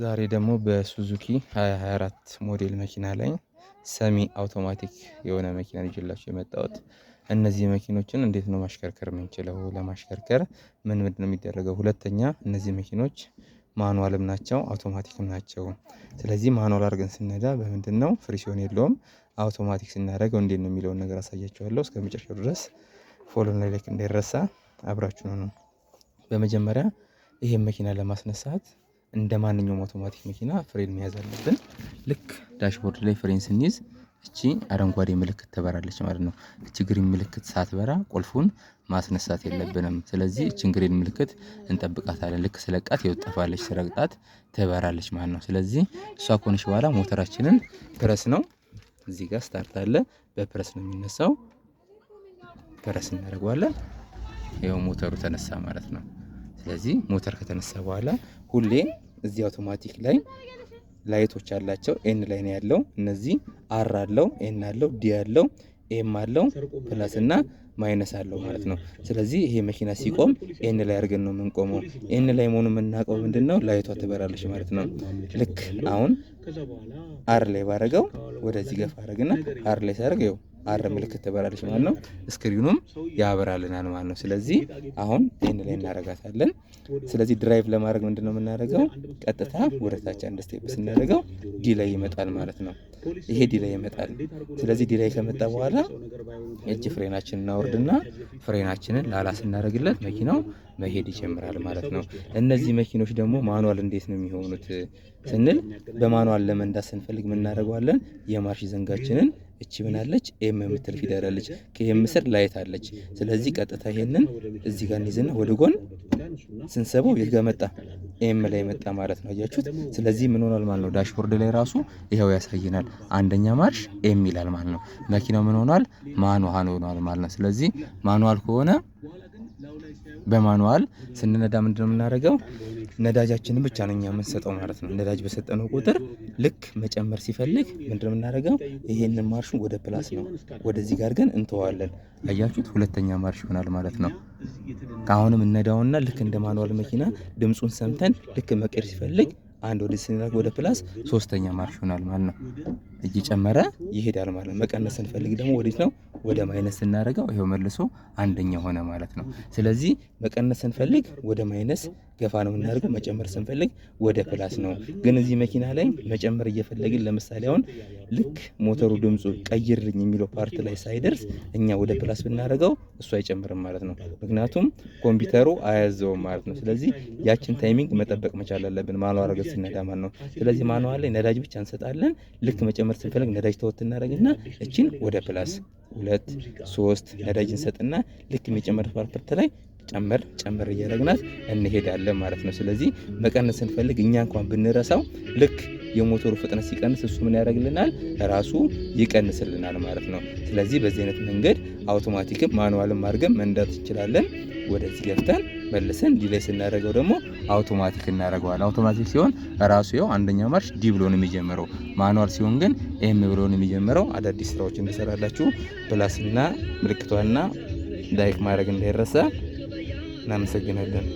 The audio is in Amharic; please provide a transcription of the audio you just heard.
ዛሬ ደግሞ በሱዙኪ 2024 ሞዴል መኪና ላይ ሰሚ አውቶማቲክ የሆነ መኪና ይዤላችሁ የመጣሁት። እነዚህ መኪኖችን እንዴት ነው ማሽከርከር የምንችለው? ለማሽከርከር ምን ምንድን ነው የሚደረገው? ሁለተኛ እነዚህ መኪኖች ማኑዋልም ናቸው አውቶማቲክም ናቸው። ስለዚህ ማኑዋል አድርገን ስነዳ በምንድን ነው ፍሪ ሲሆን የለውም፣ አውቶማቲክ ስናደርገው እንዴት ነው የሚለውን ነገር አሳያችኋለሁ። እስከ መጨረሻው ድረስ ፎሎን ላይ ላይክ እንዳይረሳ አብራችሁ ነው። በመጀመሪያ ይሄን መኪና ለማስነሳት እንደ ማንኛውም አውቶማቲክ መኪና ፍሬን መያዝ አለብን። ልክ ዳሽቦርድ ላይ ፍሬን ስንይዝ እቺ አረንጓዴ ምልክት ትበራለች ማለት ነው። እቺ ግሪን ምልክት ሳትበራ ቁልፉን ማስነሳት የለብንም። ስለዚህ እቺን ግሪን ምልክት እንጠብቃታለን። ልክ ስለቃት የወጠፋለች ስረግጣት ትበራለች ማለት ነው። ስለዚህ እሷ ከሆነች በኋላ ሞተራችንን ፕረስ ነው እዚህ ጋር ስታርት አለ። በፕረስ ነው የሚነሳው። ፕረስ እናደርገዋለን። ይኸው ሞተሩ ተነሳ ማለት ነው። ስለዚህ ሞተር ከተነሳ በኋላ ሁሌ እዚህ አውቶማቲክ ላይ ላይቶች አላቸው። ኤን ላይ ነው ያለው። እነዚህ አር አለው፣ ኤን አለው፣ ዲ አለው፣ ኤም አለው፣ ፕላስ እና ማይነስ አለው ማለት ነው። ስለዚህ ይሄ መኪና ሲቆም ኤን ላይ አድርገን ነው የምንቆመው። ኤን ላይ መሆኑ የምናውቀው ምንድን ነው? ላይቷ ትበራለች ማለት ነው። ልክ አሁን አር ላይ ባረገው ወደዚህ ገፋ አረግና አር ላይ ሳደርግ አር ምልክት ትበራለች ማለት ነው። ስክሪኑም ያበራልናል ማለት ነው። ስለዚህ አሁን ይህን ላይ እናረጋታለን። ስለዚህ ድራይቭ ለማድረግ ምንድን ነው የምናደርገው? ቀጥታ ወደ ታች አንድ ስቴፕ ስናደርገው ዲላይ ይመጣል ማለት ነው። ይሄ ዲላይ ይመጣል። ስለዚህ ዲላይ ከመጣ በኋላ እጅ ፍሬናችንን እናወርድና ፍሬናችንን ላላ ስናደርግለት መኪናው መሄድ ይጀምራል ማለት ነው። እነዚህ መኪኖች ደግሞ ማኗል እንዴት ነው የሚሆኑት ስንል በማኗል ለመንዳት ስንፈልግ የምናደርገዋለን የማርሽ ዘንጋችንን እቺ አለች? ኤም የምትል ፊደል አለች። ከኤም ስር ላይት አለች። ስለዚህ ቀጥታ ይሄንን እዚህ ጋር እንይዝና ወደ ጎን ስንሰበው የት ጋር መጣ? ኤም ላይ መጣ ማለት ነው። አያችሁት? ስለዚህ ምን ሆኗል ማለት ነው? ዳሽቦርድ ላይ ራሱ ይኸው ያሳየናል። አንደኛ ማርሽ ኤም ይላል ማለት ነው። መኪናው ምን ሆኗል? ማንዋል ሆኗል ማለት ነው። ስለዚህ ማኑዋል ከሆነ በማኑዋል ስንነዳ ምንድን ነው የምናደርገው? ነዳጃችንን ብቻ ነው እኛ የምንሰጠው ማለት ነው። ነዳጅ በሰጠነው ቁጥር ልክ መጨመር ሲፈልግ ምንድን ነው የምናደርገው? ይሄንን ማርሹን ወደ ፕላስ ነው ወደዚህ ጋር ግን እንተዋለን። አያችሁት? ሁለተኛ ማርሽ ይሆናል ማለት ነው። አሁንም እነዳውና ልክ እንደ ማኑዋል መኪና ድምፁን ሰምተን ልክ መቀየር ሲፈልግ አንድ ወደ ስንል ወደ ፕላስ ሶስተኛ ማርሽ ይሆናል ማለት ነው። እየጨመረ ይሄዳል ማለት ነው። መቀነስ ስንፈልግ ደግሞ ወዴት ነው? ወደ ማይነስ ስናደርገው ይሄው መልሶ አንደኛ ሆነ ማለት ነው። ስለዚህ መቀነስ ስንፈልግ ወደ ማይነስ ገፋ ነው የምናደርገው፣ መጨመር ስንፈልግ ወደ ፕላስ ነው። ግን እዚህ መኪና ላይ መጨመር እየፈለግን ለምሳሌ አሁን ልክ ሞተሩ ድምፁ ቀይርልኝ የሚለው ፓርት ላይ ሳይደርስ እኛ ወደ ፕላስ ብናደርገው እሱ አይጨምርም ማለት ነው። ምክንያቱም ኮምፒውተሩ አያዘውም ማለት ነው። ስለዚህ ያችን ታይሚንግ መጠበቅ መቻል አለብን። ማኗ ረገ ሲነዳ ማለት ነው። ስለዚህ ማኗ ላይ ነዳጅ ብቻ እንሰጣለን ልክ መጨመር መጨመር ስንፈልግ ነዳጅ ተወት እናደርግና እችን ወደ ፕላስ ሁለት ሶስት ነዳጅ እንሰጥና ልክ የሚጨመር ፓርፐርት ላይ ጨመር ጨመር እያደረግናት እንሄዳለን ማለት ነው። ስለዚህ መቀነስ ስንፈልግ እኛ እንኳን ብንረሳው ልክ የሞተሩ ፍጥነት ሲቀንስ እሱ ምን ያደርግልናል? ራሱ ይቀንስልናል ማለት ነው። ስለዚህ በዚህ አይነት መንገድ አውቶማቲክም ማኑዋልም አድርገን መንዳት እንችላለን። ወደዚህ ገብተን መልሰን ዲላይ ስናደርገው ደግሞ አውቶማቲክ እናደርገዋል። አውቶማቲክ ሲሆን ራሱ ያው አንደኛ ማርሽ ዲ ብሎ ነው የሚጀምረው። ማኑዋል ሲሆን ግን ኤም ብሎ ነው የሚጀምረው። አዳዲስ ስራዎች እንደሰራላችሁ ፕላስና ምልክቷና ላይክ ማድረግ እንዳይረሳ። እናመሰግናለን።